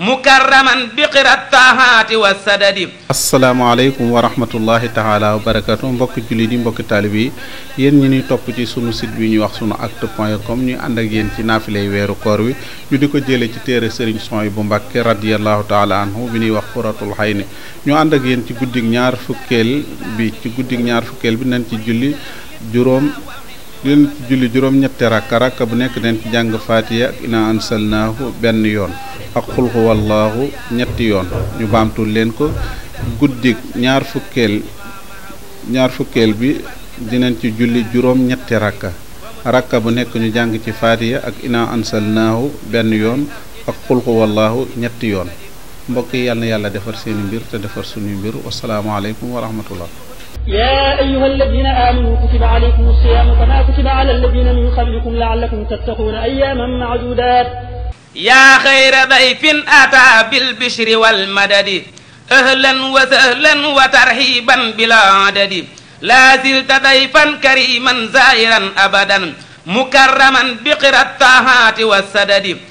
mukarraman bi qirat taahaati wa sadadi asalaamaaleykum wa rahmatullahi taala wa barakatu mbokki jullit di mbokki taalib yi yéen ñi ñuy topp ci sunu site bi ñuy wax sunu acte point comme ñu ànd ak yéen ci naafilay weeru koor wi ñu di ko jële ci téere sëriñ son bu mbàkke radiallahu taala anhu bi ñuy wax quratul xayni ñu ànd ak yéen ci guddig ñaar fukkeel bi ci guddig ñaar fukkeel bi nañ ci julli juróom dinañ ci julli juróom-ñetti rakka rakka bu nekk den ci jàng faatiya ak ina ansalnaahu benn yoon ak xulxu wallaahu ñetti yoon ñu baamtul leen ko guddik ñaar fukkeel ñaar fukkeel bi ci julli juróom-ñetti rakka bu nekk ñu jàng ci faatiya ak ina ansalnaahu benn yoon ak xulxu wallaahu ñetti yoon mbokk yi yal na yàlla defar seeni mbir te defar suñuy mbir wasalaamualeykum wa rahmatullah kutiba ala alladina min qablikum laallakum tattaquuna ayaaman maadudaat yaa xayra dayfin ataa bilbishri walmadadi ahlan wa sahlan wa tarxiban bila adadi laa zilta dayfan kariman zairan abadan mukarraman biqirat taahaati wa sadadi